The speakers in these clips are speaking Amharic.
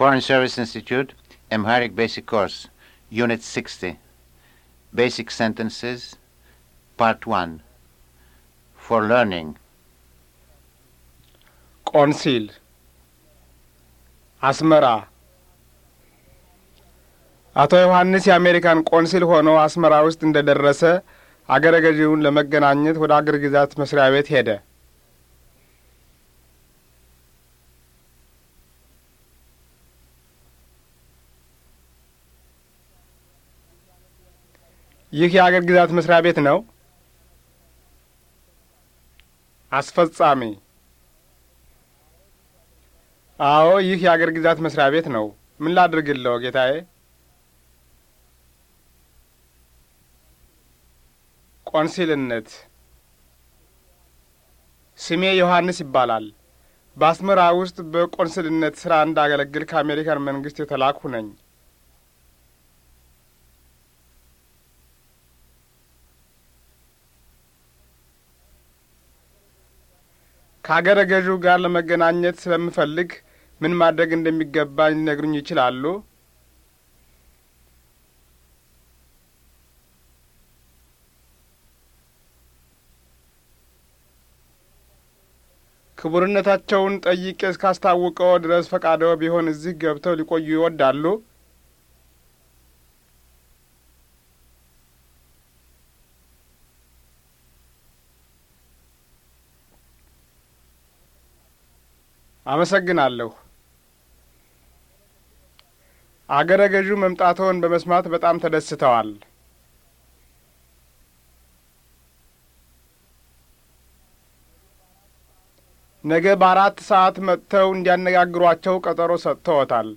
Foreign Service Institute, Amharic Basic Course, Unit 60, Basic Sentences, Part 1, for Learning. ቆንሲል Asmara. አቶ ዮሐንስ የአሜሪካን ቆንሲል ሆኖ አስመራ ውስጥ እንደ ደረሰ አገረ ገዢውን ለመገናኘት ወደ አገር ግዛት መስሪያ ቤት ሄደ። ይህ የአገር ግዛት መስሪያ ቤት ነው። አስፈጻሚ አዎ፣ ይህ የአገር ግዛት መስሪያ ቤት ነው። ምን ላድርግለው ጌታዬ? ቆንሲልነት ስሜ ዮሐንስ ይባላል። በአስመራ ውስጥ በቆንስልነት ሥራ እንዳገለግል ከአሜሪካን መንግሥት የተላኩ ነኝ። ከአገረ ገዢው ጋር ለመገናኘት ስለምፈልግ ምን ማድረግ እንደሚገባኝ ሊነግሩኝ ይችላሉ? ክቡርነታቸውን ጠይቄ እስካስታውቀው ድረስ ፈቃደው ቢሆን እዚህ ገብተው ሊቆዩ ይወዳሉ? አመሰግናለሁ። አገረ ገዡ መምጣትዎን በመስማት በጣም ተደስተዋል። ነገ በአራት ሰዓት መጥተው እንዲያነጋግሯቸው ቀጠሮ ሰጥተዎታል።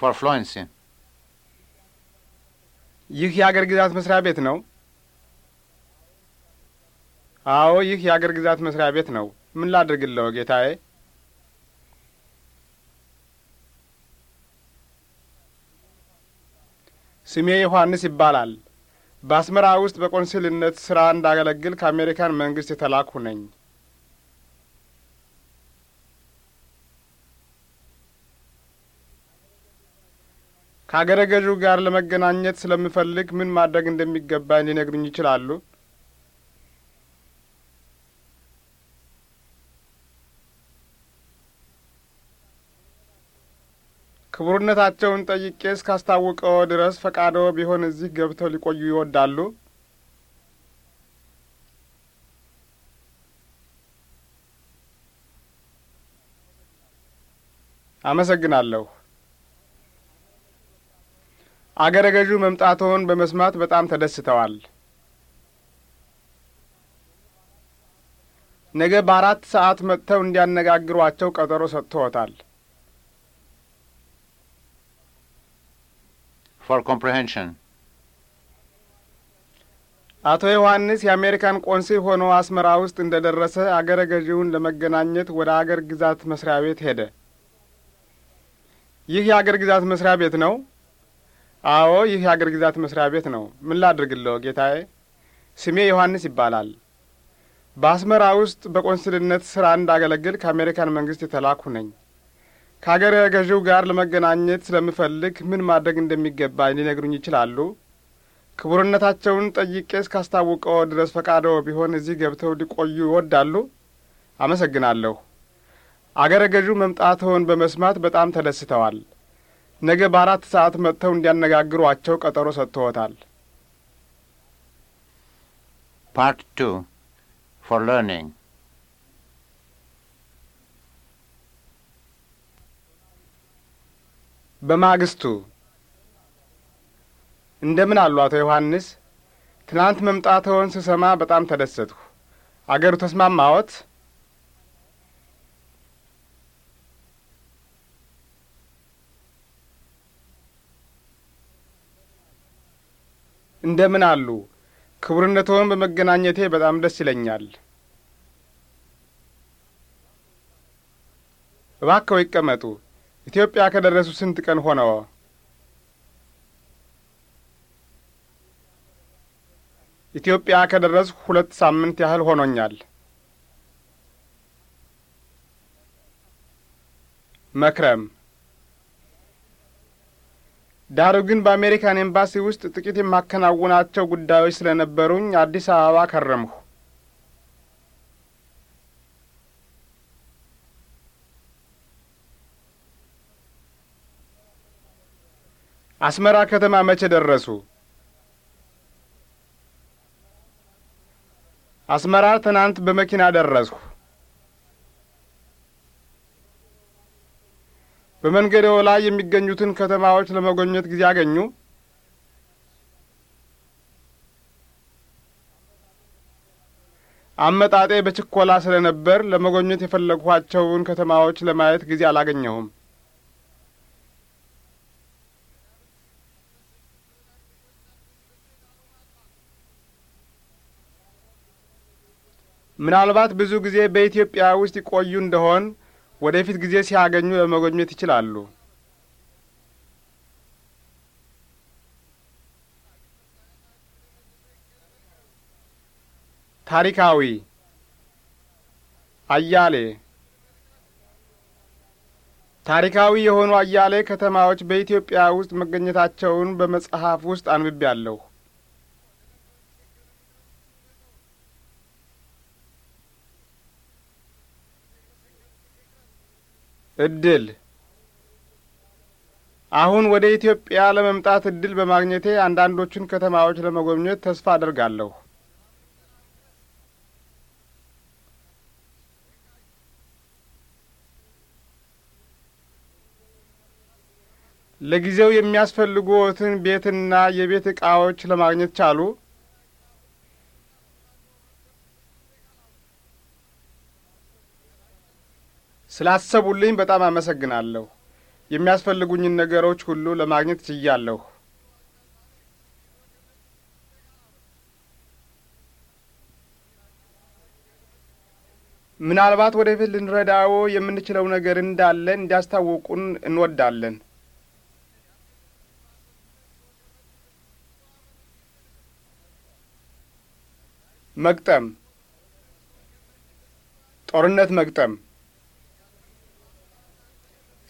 ፎር ይህ የአገር ግዛት መስሪያ ቤት ነው። አዎ፣ ይህ የአገር ግዛት መስሪያ ቤት ነው። ምን ላድርግለው ጌታዬ? ስሜ ዮሐንስ ይባላል። በአስመራ ውስጥ በቆንስልነት ሥራ እንዳገለግል ከአሜሪካን መንግሥት የተላኩ ነኝ። ከአገረ ገዢው ጋር ለመገናኘት ስለምፈልግ ምን ማድረግ እንደሚገባኝ ሊነግሩኝ ይችላሉ? ክቡርነታቸውን ጠይቄ እስካስታውቀው ድረስ ፈቃዶ ቢሆን እዚህ ገብተው ሊቆዩ ይወዳሉ? አመሰግናለሁ። አገረ ገዡ መምጣትዎን በመስማት በጣም ተደስተዋል። ነገ በአራት ሰዓት መጥተው እንዲያነጋግሯቸው ቀጠሮ ሰጥተዎታል። for comprehension. አቶ ዮሐንስ የአሜሪካን ቆንሲል ሆኖ አስመራ ውስጥ እንደ ደረሰ አገረ ገዢውን ለመገናኘት ወደ አገር ግዛት መስሪያ ቤት ሄደ። ይህ የአገር ግዛት መስሪያ ቤት ነው? አዎ፣ ይህ የአገር ግዛት መስሪያ ቤት ነው። ምን ላድርግለው ጌታዬ? ስሜ ዮሐንስ ይባላል። በአስመራ ውስጥ በቆንስልነት ስራ እንዳገለግል ከአሜሪካን መንግስት የተላኩ ነኝ። ከአገረ ገዢው ጋር ለመገናኘት ስለምፈልግ ምን ማድረግ እንደሚገባኝ ሊነግሩኝ ይችላሉ? ክቡርነታቸውን ጠይቄ እስካስታውቀው ድረስ ፈቃደው ቢሆን እዚህ ገብተው ሊቆዩ ይወዳሉ? አመሰግናለሁ። አገረ ገዢው መምጣትዎን በመስማት በጣም ተደስተዋል። ነገ በአራት ሰዓት መጥተው እንዲያነጋግሯቸው ቀጠሮ ሰጥተዎታል። ፓርት ቱ ፎር ለርኒንግ በማግስቱ እንደምን አሉ አቶ ዮሐንስ? ትናንት መምጣትዎን ስሰማ በጣም ተደሰትሁ። አገሩ ተስማማዎት? እንደምን አሉ? ክቡርነትዎን በመገናኘቴ በጣም ደስ ይለኛል። እባክዎ ይቀመጡ። ኢትዮጵያ ከደረሱ ስንት ቀን ሆነው? ኢትዮጵያ ከደረስ ሁለት ሳምንት ያህል ሆኖኛል። መክረም ዳሩ ግን በአሜሪካን ኤምባሲ ውስጥ ጥቂት የማከናውናቸው ጉዳዮች ስለነበሩኝ አዲስ አበባ ከረምሁ። አስመራ ከተማ መቼ ደረሱ? አስመራ ትናንት በመኪና ደረስሁ። በመንገዴው ላይ የሚገኙትን ከተማዎች ለመጎብኘት ጊዜ አገኙ? አመጣጤ በችኮላ ስለነበር ለመጎብኘት የፈለግኋቸውን ከተማዎች ለማየት ጊዜ አላገኘሁም። ምናልባት ብዙ ጊዜ በኢትዮጵያ ውስጥ ይቆዩ እንደሆን ወደፊት ጊዜ ሲያገኙ ለመጎብኘት ይችላሉ። ታሪካዊ አያሌ ታሪካዊ የሆኑ አያሌ ከተማዎች በኢትዮጵያ ውስጥ መገኘታቸውን በመጽሐፍ ውስጥ አንብቤ ያለሁ። እድል አሁን ወደ ኢትዮጵያ ለመምጣት እድል በማግኘቴ አንዳንዶቹን ከተማዎች ለመጎብኘት ተስፋ አደርጋለሁ። ለጊዜው የሚያስፈልጉትን ቤትና የቤት ዕቃዎች ለማግኘት ቻሉ? ስላሰቡልኝ በጣም አመሰግናለሁ። የሚያስፈልጉኝን ነገሮች ሁሉ ለማግኘት ችያለሁ። ምናልባት ወደፊት ልንረዳዎ የምንችለው ነገር እንዳለ እንዲያስታውቁን እንወዳለን። መግጠም ጦርነት መግጠም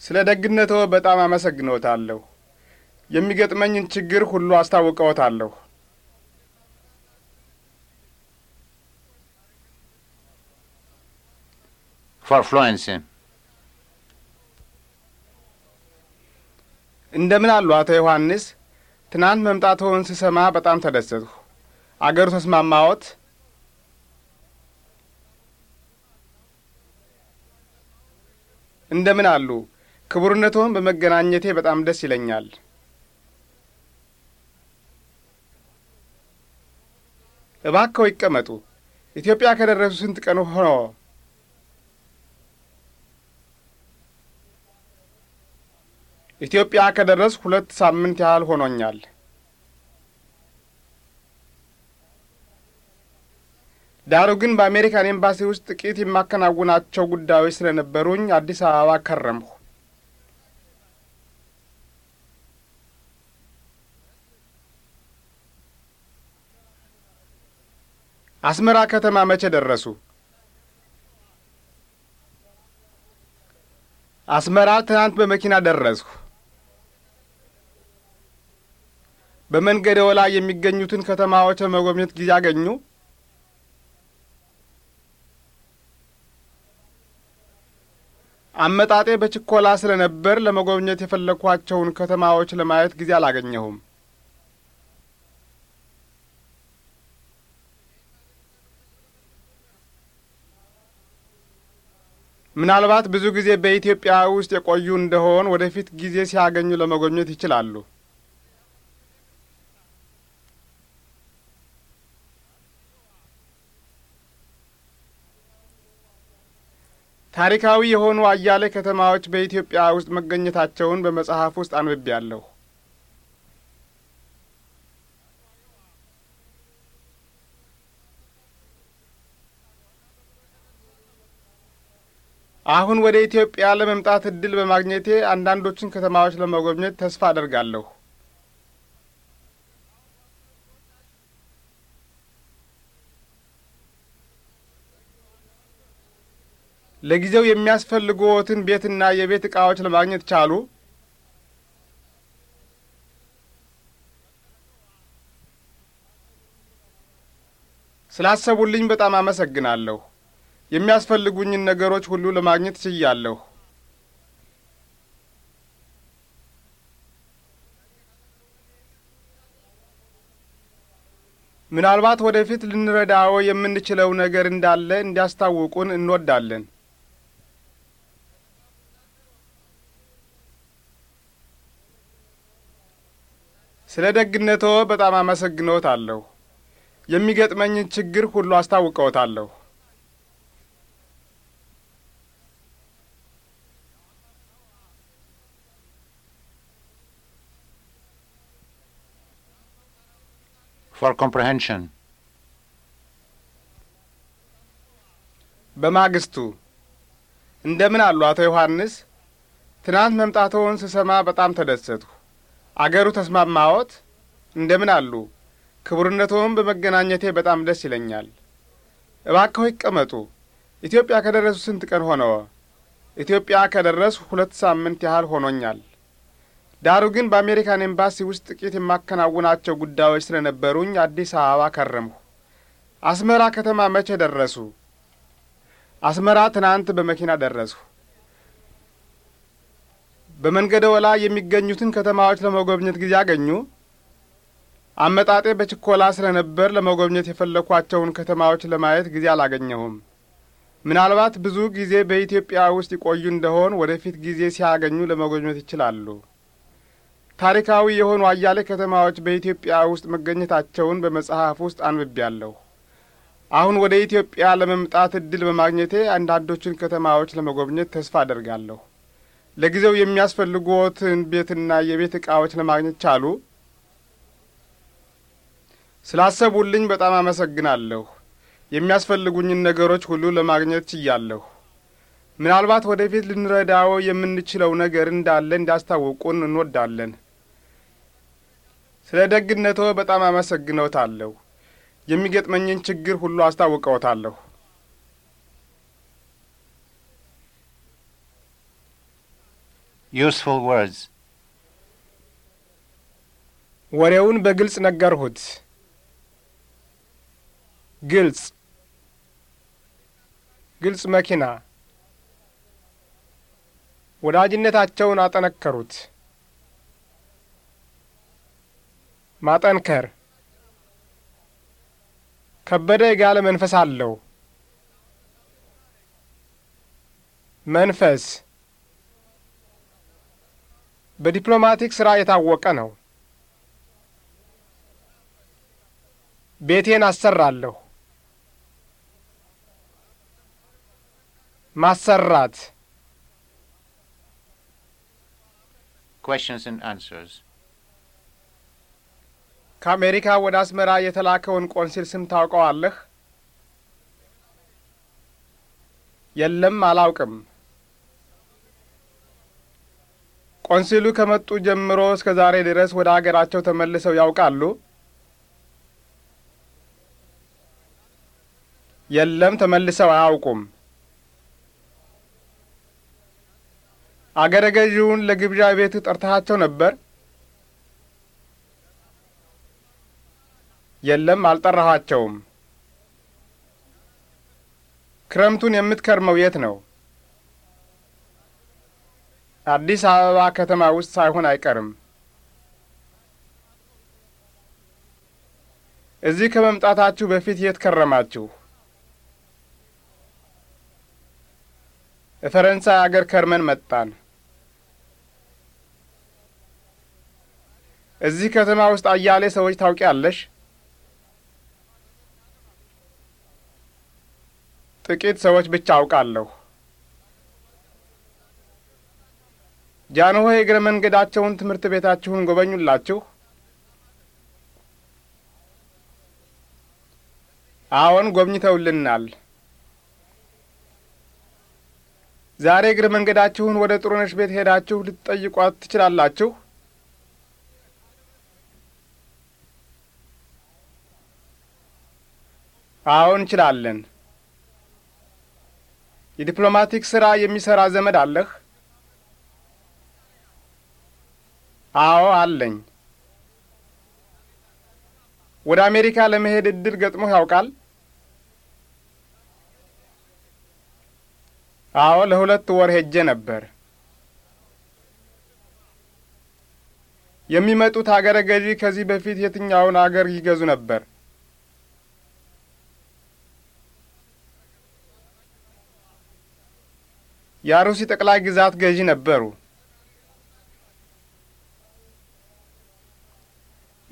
ስለ ደግነትዎ በጣም አመሰግንዎታለሁ። የሚገጥመኝን ችግር ሁሉ አስታውቀዎታለሁ። እንደምን አሉ አቶ ዮሐንስ? ትናንት መምጣትዎን ስሰማ በጣም ተደሰትሁ። አገሩ ተስማማዎት? እንደምን አሉ? ክቡርነትዎን በመገናኘቴ በጣም ደስ ይለኛል። እባከው ይቀመጡ። ኢትዮጵያ ከደረሱ ስንት ቀን ሆኖ? ኢትዮጵያ ከደረስ ሁለት ሳምንት ያህል ሆኖኛል። ዳሩ ግን በአሜሪካን ኤምባሲ ውስጥ ጥቂት የማከናውናቸው ጉዳዮች ስለነበሩኝ አዲስ አበባ ከረምሁ። አስመራ ከተማ መቼ ደረሱ? አስመራ ትናንት በመኪና ደረስሁ። በመንገደው ላይ የሚገኙትን ከተማዎች መጎብኘት ጊዜ አገኙ? አመጣጤ በችኮላ ስለነበር ለመጎብኘት የፈለግኳቸውን ከተማዎች ለማየት ጊዜ አላገኘሁም። ምናልባት ብዙ ጊዜ በኢትዮጵያ ውስጥ የቆዩ እንደሆን ወደፊት ጊዜ ሲያገኙ ለመጎብኘት ይችላሉ። ታሪካዊ የሆኑ አያሌ ከተማዎች በኢትዮጵያ ውስጥ መገኘታቸውን በመጽሐፍ ውስጥ አንብቤያለሁ። አሁን ወደ ኢትዮጵያ ለመምጣት እድል በማግኘቴ አንዳንዶችን ከተማዎች ለመጎብኘት ተስፋ አደርጋለሁ። ለጊዜው የሚያስፈልጉትን ቤትና የቤት ዕቃዎች ለማግኘት ቻሉ? ስላሰቡልኝ በጣም አመሰግናለሁ። የሚያስፈልጉኝን ነገሮች ሁሉ ለማግኘት ችያለሁ። ምናልባት ወደፊት ልንረዳው የምንችለው ነገር እንዳለ እንዲያስታውቁን እንወዳለን። ስለ ደግነቶ በጣም አመሰግኖታለሁ። የሚገጥመኝን ችግር ሁሉ አስታውቀውታለሁ። for comprehension. በማግስቱ እንደምን አሉ አቶ ዮሐንስ? ትናንት መምጣትዎን ስሰማ በጣም ተደሰትሁ። አገሩ ተስማማዎት? እንደምን አሉ? ክቡርነትዎን በመገናኘቴ በጣም ደስ ይለኛል። እባክዎ ይቀመጡ። ኢትዮጵያ ከደረሱ ስንት ቀን ሆነዎ? ኢትዮጵያ ከደረሱ ሁለት ሳምንት ያህል ሆኖኛል። ዳሩ ግን በአሜሪካን ኤምባሲ ውስጥ ጥቂት የማከናውናቸው ጉዳዮች ስለነበሩኝ አዲስ አበባ ከረምሁ። አስመራ ከተማ መቼ ደረሱ? አስመራ ትናንት በመኪና ደረስሁ። በመንገደ ላይ የሚገኙትን ከተማዎች ለመጎብኘት ጊዜ አገኙ? አመጣጤ በችኮላ ስለነበር ለመጎብኘት የፈለኳቸውን ከተማዎች ለማየት ጊዜ አላገኘሁም። ምናልባት ብዙ ጊዜ በኢትዮጵያ ውስጥ ይቆዩ እንደሆን ወደፊት ጊዜ ሲያገኙ ለመጎብኘት ይችላሉ። ታሪካዊ የሆኑ አያሌ ከተማዎች በኢትዮጵያ ውስጥ መገኘታቸውን በመጽሐፍ ውስጥ አንብቤያለሁ። አሁን ወደ ኢትዮጵያ ለመምጣት እድል በማግኘቴ አንዳንዶቹን ከተማዎች ለመጎብኘት ተስፋ አደርጋለሁ። ለጊዜው የሚያስፈልጉትን ቤትና የቤት ዕቃዎች ለማግኘት ቻሉ? ስላሰቡልኝ በጣም አመሰግናለሁ። የሚያስፈልጉኝን ነገሮች ሁሉ ለማግኘት ችያለሁ። ምናልባት ወደፊት ልንረዳው የምንችለው ነገር እንዳለ እንዲያስታውቁን እንወዳለን። ስለ ደግነቶ በጣም አመሰግነውታለሁ። የሚገጥመኝን ችግር ሁሉ አስታውቀውታለሁ። ዩስፉል ወርድስ ወሬውን በግልጽ ነገርሁት። ግልጽ ግልጽ መኪና ወዳጅነታቸውን አጠነከሩት። ማጠንከር ከበደ የጋለ መንፈስ አለው። መንፈስ በዲፕሎማቲክ ስራ የታወቀ ነው። ቤቴን አሰራለሁ። ማሰራት questions and answers ከአሜሪካ ወደ አስመራ የተላከውን ቆንሲል ስም ታውቀዋለህ? የለም፣ አላውቅም። ቆንሲሉ ከመጡ ጀምሮ እስከ ዛሬ ድረስ ወደ አገራቸው ተመልሰው ያውቃሉ? የለም፣ ተመልሰው አያውቁም። አገረ ገዢውን ለግብዣ ቤት ጠርተሃቸው ነበር? የለም አልጠራኋቸውም። ክረምቱን የምትከርመው የት ነው? አዲስ አበባ ከተማ ውስጥ ሳይሆን አይቀርም። እዚህ ከመምጣታችሁ በፊት የት ከረማችሁ? ፈረንሳይ አገር ከርመን መጣን። እዚህ ከተማ ውስጥ አያሌ ሰዎች ታውቂያለሽ? ጥቂት ሰዎች ብቻ አውቃለሁ። ጃንሆይ እግረ መንገዳቸውን ትምህርት ቤታችሁን ጎበኙላችሁ? አዎን፣ ጎብኝተውልናል። ዛሬ እግረ መንገዳችሁን ወደ ጥሩነሽ ቤት ሄዳችሁ ልትጠይቋት ትችላላችሁ? አዎን፣ እንችላለን። የዲፕሎማቲክ ሥራ የሚሠራ ዘመድ አለህ? አዎ አለኝ። ወደ አሜሪካ ለመሄድ እድል ገጥሞህ ያውቃል? አዎ ለሁለት ወር ሄጄ ነበር። የሚመጡት አገረ ገዢ ከዚህ በፊት የትኛውን አገር ይገዙ ነበር? የአሩሲ ጠቅላይ ግዛት ገዢ ነበሩ።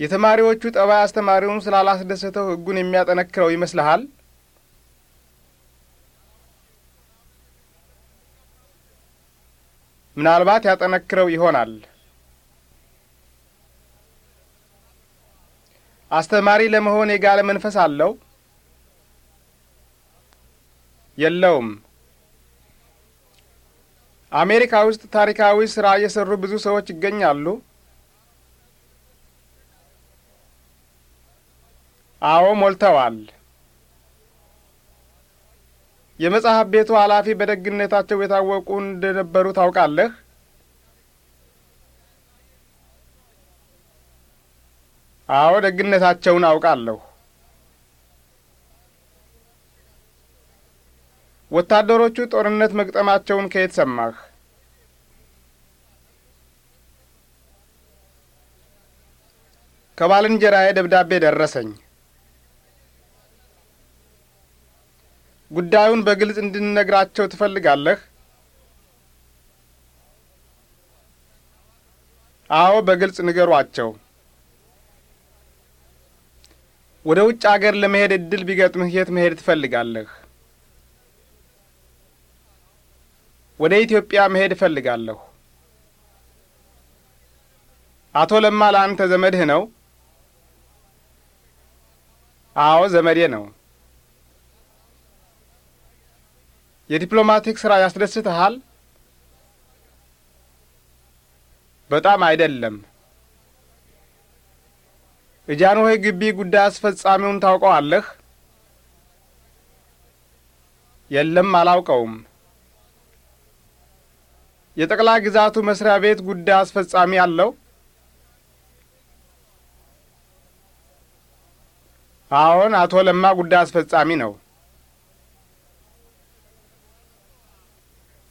የተማሪዎቹ ጠባይ አስተማሪውን ስላላስደሰተው ሕጉን የሚያጠነክረው ይመስልሃል? ምናልባት ያጠነክረው ይሆናል። አስተማሪ ለመሆን የጋለ መንፈስ አለው? የለውም። አሜሪካ ውስጥ ታሪካዊ ስራ የሰሩ ብዙ ሰዎች ይገኛሉ? አዎ ሞልተዋል። የመጽሐፍ ቤቱ ኃላፊ በደግነታቸው የታወቁ እንደነበሩ ታውቃለህ? አዎ ደግነታቸውን አውቃለሁ። ወታደሮቹ ጦርነት መግጠማቸውን ከየት ሰማህ? ከባልንጀራዬ ደብዳቤ ደረሰኝ። ጉዳዩን በግልጽ እንድንነግራቸው ትፈልጋለህ? አዎ፣ በግልጽ ንገሯቸው። ወደ ውጭ አገር ለመሄድ እድል ቢገጥምህ የት መሄድ ትፈልጋለህ? ወደ ኢትዮጵያ መሄድ እፈልጋለሁ። አቶ ለማ ለአንተ ዘመድህ ነው? አዎ ዘመዴ ነው። የዲፕሎማቲክ ሥራ ያስደስትሃል? በጣም አይደለም። የጃንሆይ ግቢ ጉዳይ አስፈጻሚውን ታውቀዋለህ? የለም፣ አላውቀውም። የጠቅላይ ግዛቱ መስሪያ ቤት ጉዳይ አስፈጻሚ አለው? አዎን፣ አቶ ለማ ጉዳይ አስፈጻሚ ነው።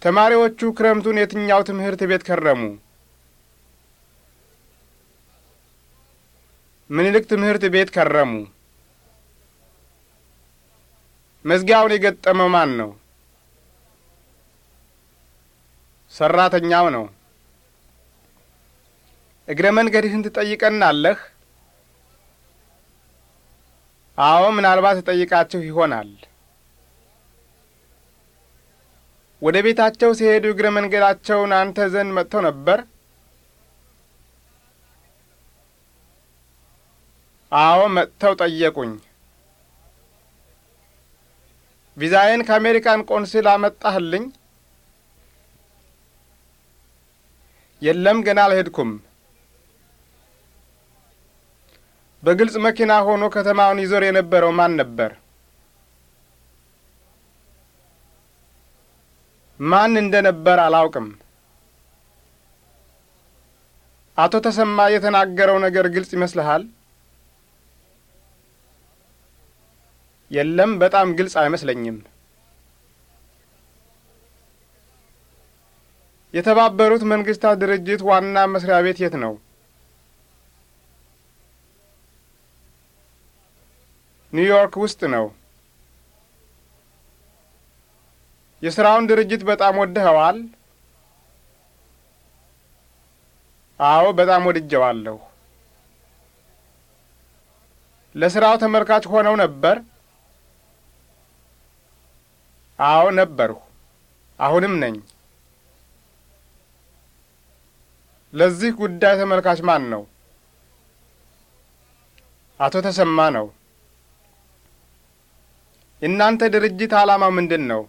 ተማሪዎቹ ክረምቱን የትኛው ትምህርት ቤት ከረሙ? ምኒልክ ትምህርት ቤት ከረሙ። መዝጊያውን የገጠመው ማን ነው? ሰራተኛው ነው። እግረ መንገድህን ትጠይቀናለህ? አዎ፣ ምናልባት እጠይቃችሁ ይሆናል። ወደ ቤታቸው ሲሄዱ እግረ መንገዳቸውን አንተ ዘንድ መጥተው ነበር? አዎ፣ መጥተው ጠየቁኝ። ቪዛዬን ከአሜሪካን ቆንስል አመጣህልኝ? የለም ገና አልሄድኩም። በግልጽ መኪና ሆኖ ከተማውን ይዞር የነበረው ማን ነበር? ማን እንደ ነበር አላውቅም። አቶ ተሰማ የተናገረው ነገር ግልጽ ይመስልሃል? የለም፣ በጣም ግልጽ አይመስለኝም። የተባበሩት መንግስታት ድርጅት ዋና መስሪያ ቤት የት ነው? ኒውዮርክ ውስጥ ነው። የሥራውን ድርጅት በጣም ወድኸዋል? አዎ፣ በጣም ወድጀዋለሁ። ለሥራው ተመልካች ሆነው ነበር? አዎ ነበርሁ፣ አሁንም ነኝ። ለዚህ ጉዳይ ተመልካች ማን ነው? አቶ ተሰማ ነው። የእናንተ ድርጅት ዓላማ ምንድን ነው?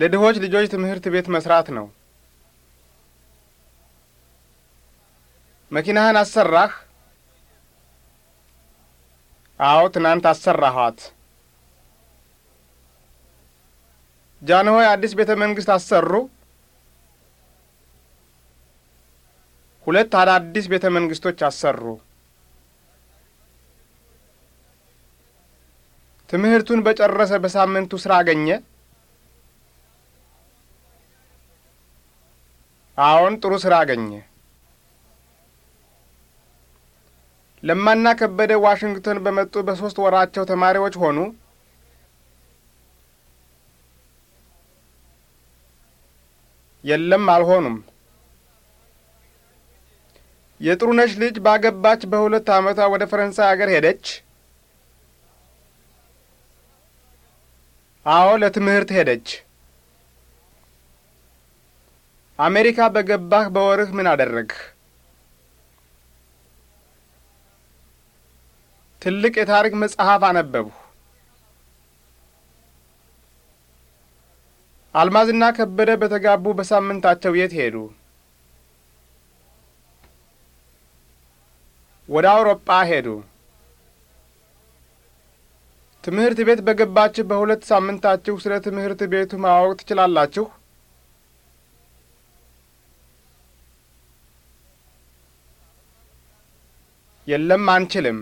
ለድሆች ልጆች ትምህርት ቤት መስራት ነው። መኪናህን አሰራህ? አዎ፣ ትናንት አሰራኋት። ጃንሆይ አዲስ ቤተ መንግሥት አሰሩ? ሁለት አዳዲስ ቤተ መንግስቶች አሰሩ። ትምህርቱን በጨረሰ በሳምንቱ ስራ አገኘ? አዎን፣ ጥሩ ስራ አገኘ። ለማና ከበደ ዋሽንግተን በመጡ በሦስት ወራቸው ተማሪዎች ሆኑ? የለም፣ አልሆኑም። የጥሩነሽ ልጅ ባገባች በሁለት ዓመቷ ወደ ፈረንሳይ አገር ሄደች? አዎ፣ ለትምህርት ሄደች። አሜሪካ በገባህ በወርህ ምን አደረግህ? ትልቅ የታሪክ መጽሐፍ አነበብሁ። አልማዝና ከበደ በተጋቡ በሳምንታቸው የት ሄዱ? ወደ አውሮጳ ሄዱ። ትምህርት ቤት በገባችሁ በሁለት ሳምንታችሁ ስለ ትምህርት ቤቱ ማወቅ ትችላላችሁ? የለም፣ አንችልም።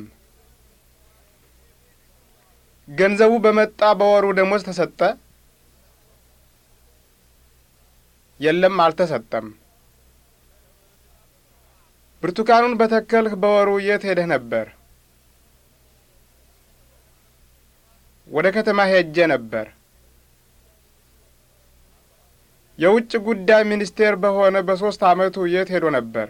ገንዘቡ በመጣ በወሩ ደሞዝ ተሰጠ? የለም፣ አልተሰጠም። ብርቱካኑን በተከልህ በወሩ የት ሄደህ ነበር? ወደ ከተማ ሄጄ ነበር። የውጭ ጉዳይ ሚኒስቴር በሆነ በሦስት ዓመቱ የት ሄዶ ነበር?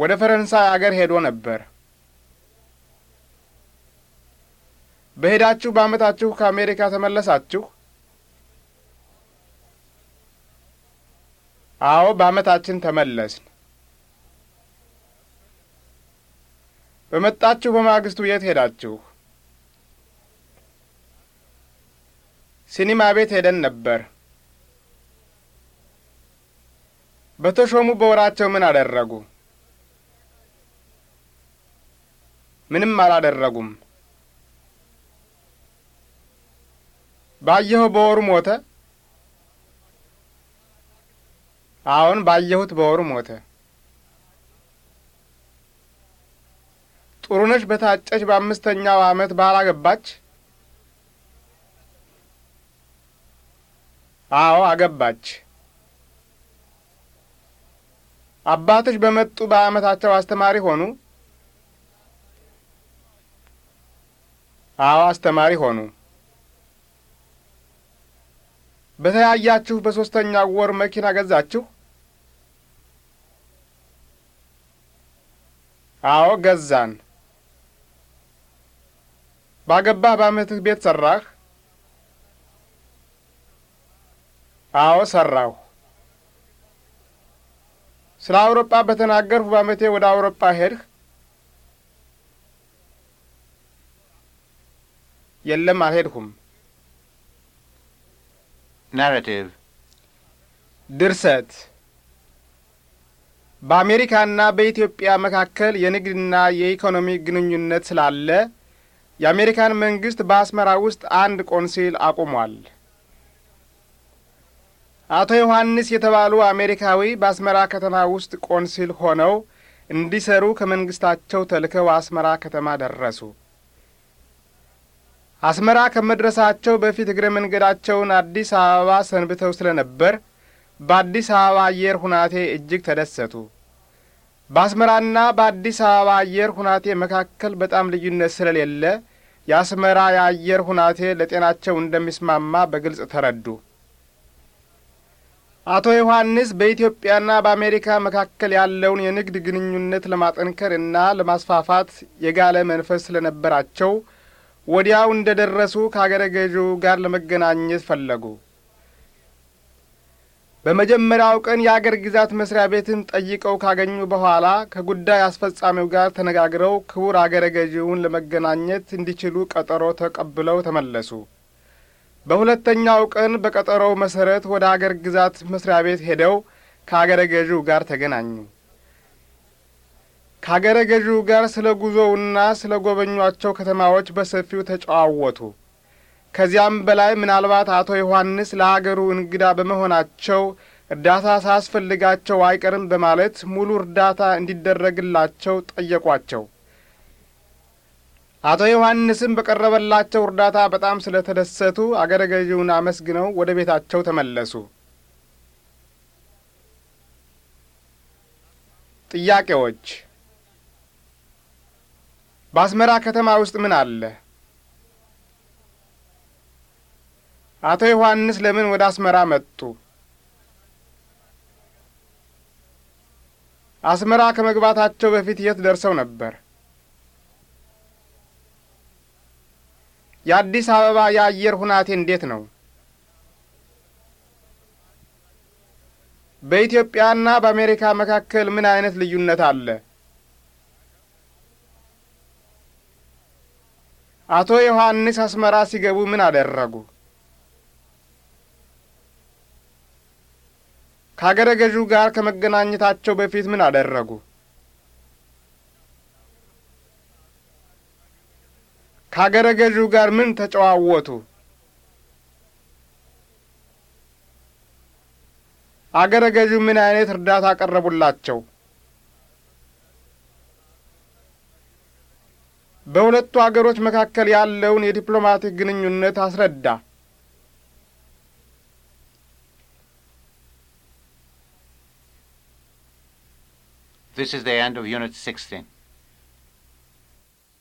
ወደ ፈረንሳይ አገር ሄዶ ነበር። በሄዳችሁ በዓመታችሁ ከአሜሪካ ተመለሳችሁ? አዎ፣ በአመታችን ተመለስን። በመጣችሁ በማግስቱ የት ሄዳችሁ? ሲኒማ ቤት ሄደን ነበር። በተሾሙ በወራቸው ምን አደረጉ? ምንም አላደረጉም። ባየኸው በወሩ ሞተ? አሁን ባየሁት በወሩ ሞተ። ጥሩነሽ በታጨች በአምስተኛው ዓመት ባህል አገባች። አዎ አገባች። አባቶች በመጡ በዓመታቸው አስተማሪ ሆኑ። አዎ አስተማሪ ሆኑ። በተያያችሁ በሦስተኛው ወር መኪና ገዛችሁ። አዎ ገዛን። ባገባህ ባመትህ ቤት ሰራህ? አዎ ሰራሁ። ስለ አውሮፓ በተናገርሁ ባመቴ ወደ አውሮፓ ሄድህ? የለም አልሄድሁም። ናራቲቭ ድርሰት በአሜሪካና በኢትዮጵያ መካከል የንግድና የኢኮኖሚ ግንኙነት ስላለ የአሜሪካን መንግስት በአስመራ ውስጥ አንድ ቆንሲል አቁሟል። አቶ ዮሐንስ የተባሉ አሜሪካዊ በአስመራ ከተማ ውስጥ ቆንሲል ሆነው እንዲሰሩ ከመንግስታቸው ተልከው አስመራ ከተማ ደረሱ። አስመራ ከመድረሳቸው በፊት እግረ መንገዳቸውን አዲስ አበባ ሰንብተው ስለነበር በአዲስ አበባ አየር ሁናቴ እጅግ ተደሰቱ። በአስመራና በአዲስ አበባ አየር ሁናቴ መካከል በጣም ልዩነት ስለሌለ የአስመራ የአየር ሁናቴ ለጤናቸው እንደሚስማማ በግልጽ ተረዱ። አቶ ዮሐንስ በኢትዮጵያና በአሜሪካ መካከል ያለውን የንግድ ግንኙነት ለማጠንከር እና ለማስፋፋት የጋለ መንፈስ ስለነበራቸው ወዲያው እንደ ደረሱ ከአገረ ገዢው ጋር ለመገናኘት ፈለጉ። በመጀመሪያው ቀን የአገር ግዛት መስሪያ ቤትን ጠይቀው ካገኙ በኋላ ከጉዳይ አስፈጻሚው ጋር ተነጋግረው ክቡር አገረ ገዢውን ለመገናኘት እንዲችሉ ቀጠሮ ተቀብለው ተመለሱ። በሁለተኛው ቀን በቀጠሮው መሰረት ወደ አገር ግዛት መስሪያ ቤት ሄደው ከአገረ ገዢው ጋር ተገናኙ። ከአገረ ገዢው ጋር ስለ ጉዞውና ስለ ጎበኟቸው ከተማዎች በሰፊው ተጨዋወቱ። ከዚያም በላይ ምናልባት አቶ ዮሐንስ ለአገሩ እንግዳ በመሆናቸው እርዳታ ሳያስፈልጋቸው አይቀርም በማለት ሙሉ እርዳታ እንዲደረግላቸው ጠየቋቸው። አቶ ዮሐንስም በቀረበላቸው እርዳታ በጣም ስለተደሰቱ አገረ ገዢውን አመስግነው ወደ ቤታቸው ተመለሱ። ጥያቄዎች በአስመራ ከተማ ውስጥ ምን አለ? አቶ ዮሐንስ ለምን ወደ አስመራ መጡ? አስመራ ከመግባታቸው በፊት የት ደርሰው ነበር? የአዲስ አበባ የአየር ሁናቴ እንዴት ነው? በኢትዮጵያና በአሜሪካ መካከል ምን አይነት ልዩነት አለ? አቶ ዮሐንስ አስመራ ሲገቡ ምን አደረጉ? ከአገረ ገዢው ጋር ከመገናኘታቸው በፊት ምን አደረጉ? ከአገረ ገዢው ጋር ምን ተጨዋወቱ? አገረ ገዢው ምን አይነት እርዳታ አቀረቡላቸው? በሁለቱ አገሮች መካከል ያለውን የዲፕሎማቲክ ግንኙነት አስረዳ። This is the end of Unit 16.